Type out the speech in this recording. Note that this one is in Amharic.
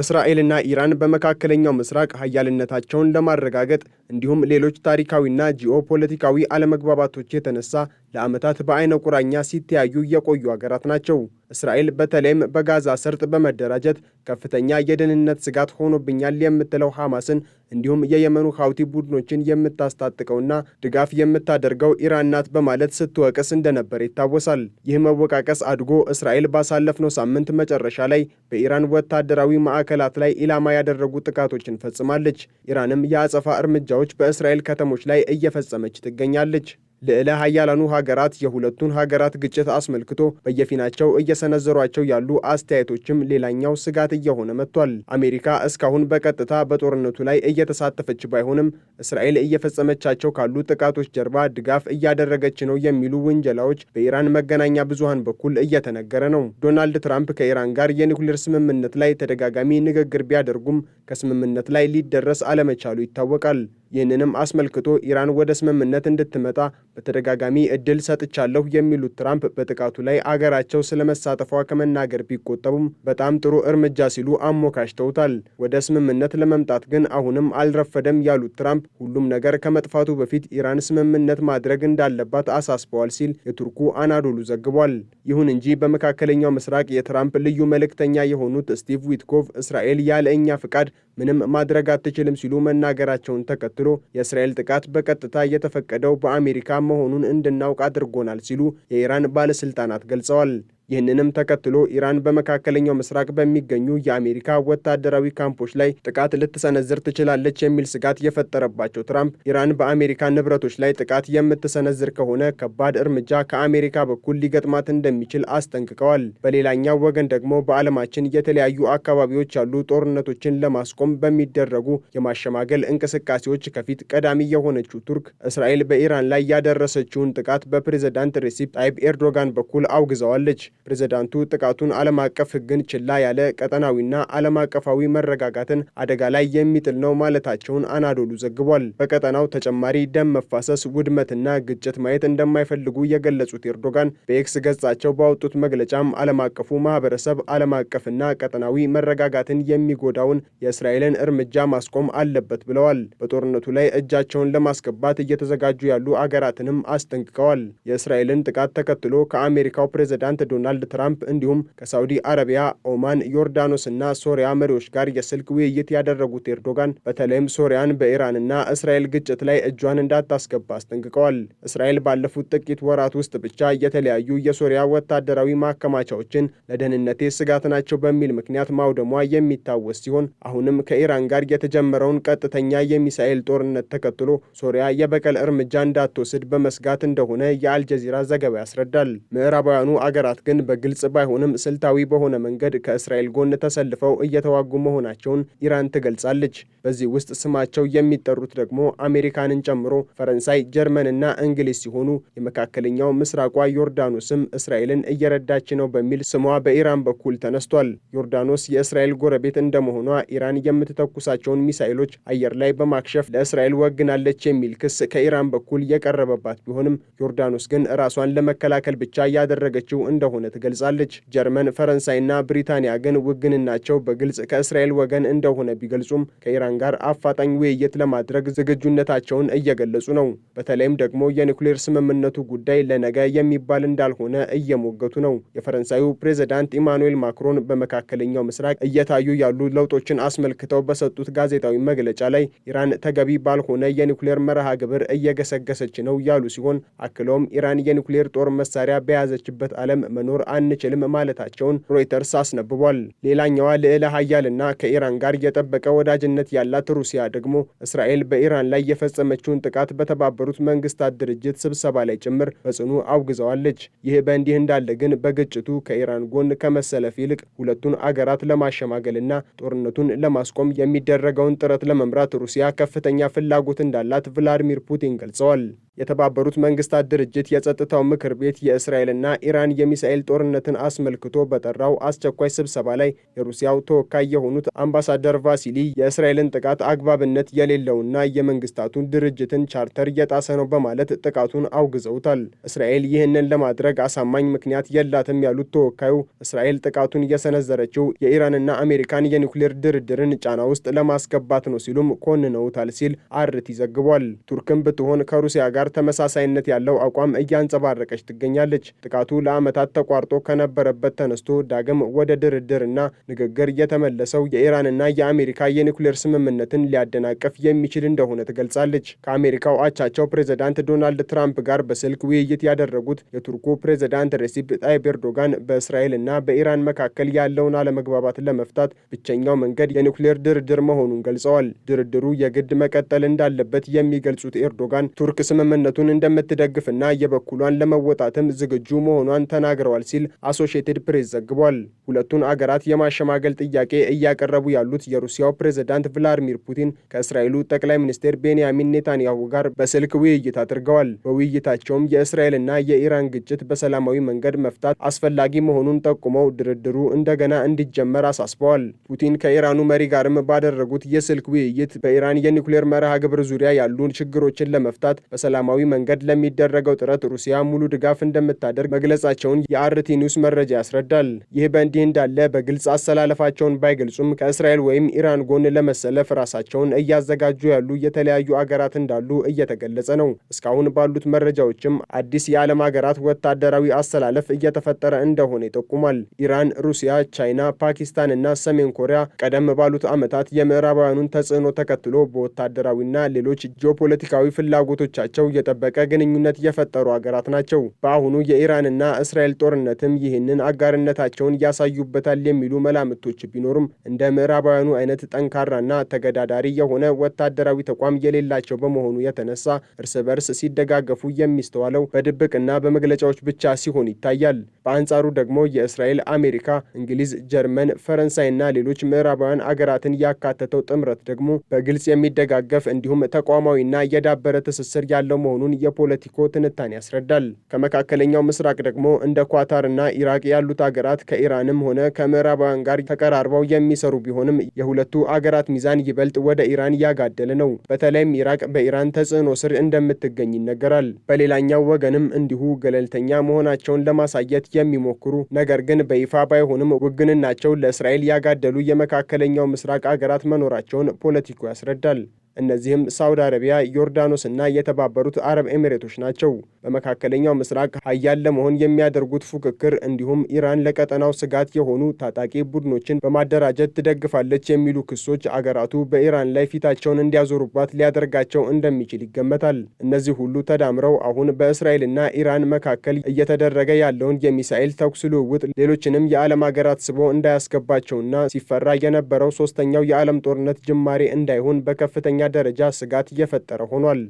እስራኤልና ኢራን በመካከለኛው ምስራቅ ሀያልነታቸውን ለማረጋገጥ እንዲሁም ሌሎች ታሪካዊና ጂኦፖለቲካዊ አለመግባባቶች የተነሳ ለዓመታት በአይነ ቁራኛ ሲተያዩ የቆዩ አገራት ናቸው። እስራኤል በተለይም በጋዛ ሰርጥ በመደራጀት ከፍተኛ የደህንነት ስጋት ሆኖብኛል የምትለው ሐማስን እንዲሁም የየመኑ ሀውቲ ቡድኖችን የምታስታጥቀውና ድጋፍ የምታደርገው ኢራን ናት በማለት ስትወቅስ እንደነበር ይታወሳል። ይህ መወቃቀስ አድጎ እስራኤል ባሳለፍነው ሳምንት መጨረሻ ላይ በኢራን ወታደራዊ ማዕከላት ላይ ኢላማ ያደረጉ ጥቃቶችን ፈጽማለች። ኢራንም የአጸፋ እርምጃዎች በእስራኤል ከተሞች ላይ እየፈጸመች ትገኛለች። ልዕለ ሀያላኑ ሀገራት የሁለቱን ሀገራት ግጭት አስመልክቶ በየፊናቸው እየሰነዘሯቸው ያሉ አስተያየቶችም ሌላኛው ስጋት እየሆነ መጥቷል። አሜሪካ እስካሁን በቀጥታ በጦርነቱ ላይ እየተሳተፈች ባይሆንም እስራኤል እየፈጸመቻቸው ካሉ ጥቃቶች ጀርባ ድጋፍ እያደረገች ነው የሚሉ ውንጀላዎች በኢራን መገናኛ ብዙሃን በኩል እየተነገረ ነው። ዶናልድ ትራምፕ ከኢራን ጋር የኒውክሌር ስምምነት ላይ ተደጋጋሚ ንግግር ቢያደርጉም ከስምምነት ላይ ሊደረስ አለመቻሉ ይታወቃል። ይህንንም አስመልክቶ ኢራን ወደ ስምምነት እንድትመጣ በተደጋጋሚ እድል ሰጥቻለሁ የሚሉት ትራምፕ በጥቃቱ ላይ አገራቸው ስለመሳተፏ ከመናገር ቢቆጠቡም በጣም ጥሩ እርምጃ ሲሉ አሞካሽተውታል። ወደ ስምምነት ለመምጣት ግን አሁንም አልረፈደም ያሉት ትራምፕ ሁሉም ነገር ከመጥፋቱ በፊት ኢራን ስምምነት ማድረግ እንዳለባት አሳስበዋል ሲል የቱርኩ አናዶሉ ዘግቧል። ይሁን እንጂ በመካከለኛው ምስራቅ የትራምፕ ልዩ መልእክተኛ የሆኑት ስቲቭ ዊትኮቭ እስራኤል ያለ እኛ ፍቃድ ምንም ማድረግ አትችልም ሲሉ መናገራቸውን ተከትሎ ተከትሎ የእስራኤል ጥቃት በቀጥታ የተፈቀደው በአሜሪካ መሆኑን እንድናውቅ አድርጎናል ሲሉ የኢራን ባለስልጣናት ገልጸዋል። ይህንንም ተከትሎ ኢራን በመካከለኛው ምስራቅ በሚገኙ የአሜሪካ ወታደራዊ ካምፖች ላይ ጥቃት ልትሰነዝር ትችላለች የሚል ስጋት የፈጠረባቸው ትራምፕ ኢራን በአሜሪካ ንብረቶች ላይ ጥቃት የምትሰነዝር ከሆነ ከባድ እርምጃ ከአሜሪካ በኩል ሊገጥማት እንደሚችል አስጠንቅቀዋል። በሌላኛው ወገን ደግሞ በዓለማችን የተለያዩ አካባቢዎች ያሉ ጦርነቶችን ለማስቆም በሚደረጉ የማሸማገል እንቅስቃሴዎች ከፊት ቀዳሚ የሆነችው ቱርክ እስራኤል በኢራን ላይ ያደረሰችውን ጥቃት በፕሬዝዳንት ሬሲፕ ጣይብ ኤርዶጋን በኩል አውግዘዋለች። ፕሬዝዳንቱ ጥቃቱን ዓለም አቀፍ ሕግን ችላ ያለ ቀጠናዊና ዓለም አቀፋዊ መረጋጋትን አደጋ ላይ የሚጥል ነው ማለታቸውን አናዶሉ ዘግቧል። በቀጠናው ተጨማሪ ደም መፋሰስ፣ ውድመትና ግጭት ማየት እንደማይፈልጉ የገለጹት ኤርዶጋን በኤክስ ገጻቸው ባወጡት መግለጫም ዓለም አቀፉ ማህበረሰብ ዓለም አቀፍና ቀጠናዊ መረጋጋትን የሚጎዳውን የእስራኤልን እርምጃ ማስቆም አለበት ብለዋል። በጦርነቱ ላይ እጃቸውን ለማስገባት እየተዘጋጁ ያሉ አገራትንም አስጠንቅቀዋል። የእስራኤልን ጥቃት ተከትሎ ከአሜሪካው ፕሬዝዳንት ዶናልድ ዶናልድ ትራምፕ እንዲሁም ከሳዑዲ አረቢያ፣ ኦማን፣ ዮርዳኖስ እና ሶሪያ መሪዎች ጋር የስልክ ውይይት ያደረጉት ኤርዶጋን በተለይም ሶሪያን በኢራንና እስራኤል ግጭት ላይ እጇን እንዳታስገባ አስጠንቅቀዋል። እስራኤል ባለፉት ጥቂት ወራት ውስጥ ብቻ የተለያዩ የሶሪያ ወታደራዊ ማከማቻዎችን ለደህንነቴ ስጋት ናቸው በሚል ምክንያት ማውደሟ የሚታወስ ሲሆን አሁንም ከኢራን ጋር የተጀመረውን ቀጥተኛ የሚሳኤል ጦርነት ተከትሎ ሶሪያ የበቀል እርምጃ እንዳትወስድ በመስጋት እንደሆነ የአልጀዚራ ዘገባ ያስረዳል። ምዕራባውያኑ አገራት ግን በግልጽ ባይሆንም ስልታዊ በሆነ መንገድ ከእስራኤል ጎን ተሰልፈው እየተዋጉ መሆናቸውን ኢራን ትገልጻለች። በዚህ ውስጥ ስማቸው የሚጠሩት ደግሞ አሜሪካንን ጨምሮ ፈረንሳይ፣ ጀርመንና እንግሊዝ ሲሆኑ የመካከለኛው ምስራቋ ዮርዳኖስም እስራኤልን እየረዳች ነው በሚል ስሟ በኢራን በኩል ተነስቷል። ዮርዳኖስ የእስራኤል ጎረቤት እንደመሆኗ ኢራን የምትተኩሳቸውን ሚሳይሎች አየር ላይ በማክሸፍ ለእስራኤል ወግናለች የሚል ክስ ከኢራን በኩል የቀረበባት ቢሆንም ዮርዳኖስ ግን ራሷን ለመከላከል ብቻ ያደረገችው እንደሆነ ትገልጻለች። ጀርመን፣ ፈረንሳይና ብሪታንያ ግን ውግንናቸው በግልጽ ከእስራኤል ወገን እንደሆነ ቢገልጹም ከኢራን ጋር አፋጣኝ ውይይት ለማድረግ ዝግጁነታቸውን እየገለጹ ነው። በተለይም ደግሞ የኒውክሌር ስምምነቱ ጉዳይ ለነገ የሚባል እንዳልሆነ እየሞገቱ ነው። የፈረንሳዩ ፕሬዚዳንት ኢማኑኤል ማክሮን በመካከለኛው ምስራቅ እየታዩ ያሉ ለውጦችን አስመልክተው በሰጡት ጋዜጣዊ መግለጫ ላይ ኢራን ተገቢ ባልሆነ የኒውክሌር መርሃ ግብር እየገሰገሰች ነው ያሉ ሲሆን አክለውም ኢራን የኒውክሌር ጦር መሳሪያ በያዘችበት ዓለም መኖር መኖር አንችልም ማለታቸውን ሮይተርስ አስነብቧል። ሌላኛዋ ልዕለ ሀያልና ከኢራን ጋር የጠበቀ ወዳጅነት ያላት ሩሲያ ደግሞ እስራኤል በኢራን ላይ የፈጸመችውን ጥቃት በተባበሩት መንግስታት ድርጅት ስብሰባ ላይ ጭምር በጽኑ አውግዘዋለች። ይህ በእንዲህ እንዳለ ግን በግጭቱ ከኢራን ጎን ከመሰለፍ ይልቅ ሁለቱን አገራት ለማሸማገልና ጦርነቱን ለማስቆም የሚደረገውን ጥረት ለመምራት ሩሲያ ከፍተኛ ፍላጎት እንዳላት ቭላዲሚር ፑቲን ገልጸዋል። የተባበሩት መንግስታት ድርጅት የጸጥታው ምክር ቤት የእስራኤልና ኢራን የሚሳኤል ጦርነትን አስመልክቶ በጠራው አስቸኳይ ስብሰባ ላይ የሩሲያው ተወካይ የሆኑት አምባሳደር ቫሲሊ የእስራኤልን ጥቃት አግባብነት የሌለውና የመንግስታቱን ድርጅትን ቻርተር የጣሰ ነው በማለት ጥቃቱን አውግዘውታል። እስራኤል ይህንን ለማድረግ አሳማኝ ምክንያት የላትም ያሉት ተወካዩ እስራኤል ጥቃቱን የሰነዘረችው የኢራንና አሜሪካን የኒውክሌር ድርድርን ጫና ውስጥ ለማስገባት ነው ሲሉም ኮንነውታል ሲል አርቲ ዘግቧል። ቱርክም ብትሆን ከሩሲያ ጋር ጋር ተመሳሳይነት ያለው አቋም እያንጸባረቀች ትገኛለች። ጥቃቱ ለዓመታት ተቋርጦ ከነበረበት ተነስቶ ዳግም ወደ ድርድር እና ንግግር የተመለሰው የኢራንና የአሜሪካ የኒውክሌር ስምምነትን ሊያደናቀፍ የሚችል እንደሆነ ትገልጻለች። ከአሜሪካው አቻቸው ፕሬዚዳንት ዶናልድ ትራምፕ ጋር በስልክ ውይይት ያደረጉት የቱርኩ ፕሬዚዳንት ሬሲፕ ጣይብ ኤርዶጋን በእስራኤል እና በኢራን መካከል ያለውን አለመግባባት ለመፍታት ብቸኛው መንገድ የኒውክሌር ድርድር መሆኑን ገልጸዋል። ድርድሩ የግድ መቀጠል እንዳለበት የሚገልጹት ኤርዶጋን ቱርክ ስምምነ ስምምነቱን እንደምትደግፍና የበኩሏን ለመወጣትም ዝግጁ መሆኗን ተናግረዋል ሲል አሶሽየትድ ፕሬስ ዘግቧል። ሁለቱን አገራት የማሸማገል ጥያቄ እያቀረቡ ያሉት የሩሲያው ፕሬዝዳንት ቭላዲሚር ፑቲን ከእስራኤሉ ጠቅላይ ሚኒስትር ቤንያሚን ኔታንያሁ ጋር በስልክ ውይይት አድርገዋል። በውይይታቸውም የእስራኤልና የኢራን ግጭት በሰላማዊ መንገድ መፍታት አስፈላጊ መሆኑን ጠቁመው ድርድሩ እንደገና እንዲጀመር አሳስበዋል። ፑቲን ከኢራኑ መሪ ጋርም ባደረጉት የስልክ ውይይት በኢራን የኒውክሌር መርሃ ግብር ዙሪያ ያሉ ችግሮችን ለመፍታት በሰላ በሰላማዊ መንገድ ለሚደረገው ጥረት ሩሲያ ሙሉ ድጋፍ እንደምታደርግ መግለጻቸውን የአርቲ ኒውስ መረጃ ያስረዳል። ይህ በእንዲህ እንዳለ በግልጽ አሰላለፋቸውን ባይገልጹም ከእስራኤል ወይም ኢራን ጎን ለመሰለፍ ራሳቸውን እያዘጋጁ ያሉ የተለያዩ አገራት እንዳሉ እየተገለጸ ነው። እስካሁን ባሉት መረጃዎችም አዲስ የዓለም አገራት ወታደራዊ አሰላለፍ እየተፈጠረ እንደሆነ ይጠቁማል። ኢራን፣ ሩሲያ፣ ቻይና፣ ፓኪስታን እና ሰሜን ኮሪያ ቀደም ባሉት ዓመታት የምዕራባውያኑን ተጽዕኖ ተከትሎ በወታደራዊና ሌሎች ጂኦፖለቲካዊ ፍላጎቶቻቸው የጠበቀ ግንኙነት የፈጠሩ አገራት ናቸው። በአሁኑ የኢራንና እስራኤል ጦርነትም ይህንን አጋርነታቸውን ያሳዩበታል የሚሉ መላምቶች ቢኖሩም እንደ ምዕራባውያኑ አይነት ጠንካራና ተገዳዳሪ የሆነ ወታደራዊ ተቋም የሌላቸው በመሆኑ የተነሳ እርስ በርስ ሲደጋገፉ የሚስተዋለው በድብቅና በመግለጫዎች ብቻ ሲሆን ይታያል። በአንጻሩ ደግሞ የእስራኤል፣ አሜሪካ፣ እንግሊዝ፣ ጀርመን፣ ፈረንሳይና ሌሎች ምዕራባውያን አገራትን ያካተተው ጥምረት ደግሞ በግልጽ የሚደጋገፍ እንዲሁም ተቋማዊና የዳበረ ትስስር ያለው መሆኑን የፖለቲኮ ትንታኔ ያስረዳል። ከመካከለኛው ምስራቅ ደግሞ እንደ ኳታር እና ኢራቅ ያሉት አገራት ከኢራንም ሆነ ከምዕራባውያን ጋር ተቀራርበው የሚሰሩ ቢሆንም የሁለቱ አገራት ሚዛን ይበልጥ ወደ ኢራን እያጋደለ ነው። በተለይም ኢራቅ በኢራን ተጽዕኖ ስር እንደምትገኝ ይነገራል። በሌላኛው ወገንም እንዲሁ ገለልተኛ መሆናቸውን ለማሳየት የሚሞክሩ ነገር ግን በይፋ ባይሆንም ውግንናቸው ለእስራኤል ያጋደሉ የመካከለኛው ምስራቅ አገራት መኖራቸውን ፖለቲኮ ያስረዳል። እነዚህም ሳውዲ አረቢያ፣ ዮርዳኖስ እና የተባበሩት አረብ ኤሚሬቶች ናቸው። በመካከለኛው ምስራቅ ሀያል ለመሆን የሚያደርጉት ፉክክር እንዲሁም ኢራን ለቀጠናው ስጋት የሆኑ ታጣቂ ቡድኖችን በማደራጀት ትደግፋለች የሚሉ ክሶች አገራቱ በኢራን ላይ ፊታቸውን እንዲያዞሩባት ሊያደርጋቸው እንደሚችል ይገመታል። እነዚህ ሁሉ ተዳምረው አሁን በእስራኤልና ኢራን መካከል እየተደረገ ያለውን የሚሳኤል ተኩስ ልውውጥ ሌሎችንም የዓለም ሀገራት ስቦ እንዳያስገባቸውና ሲፈራ የነበረው ሶስተኛው የዓለም ጦርነት ጅማሬ እንዳይሆን በከፍተኛ ደረጃ ስጋት እየፈጠረ ሆኗል።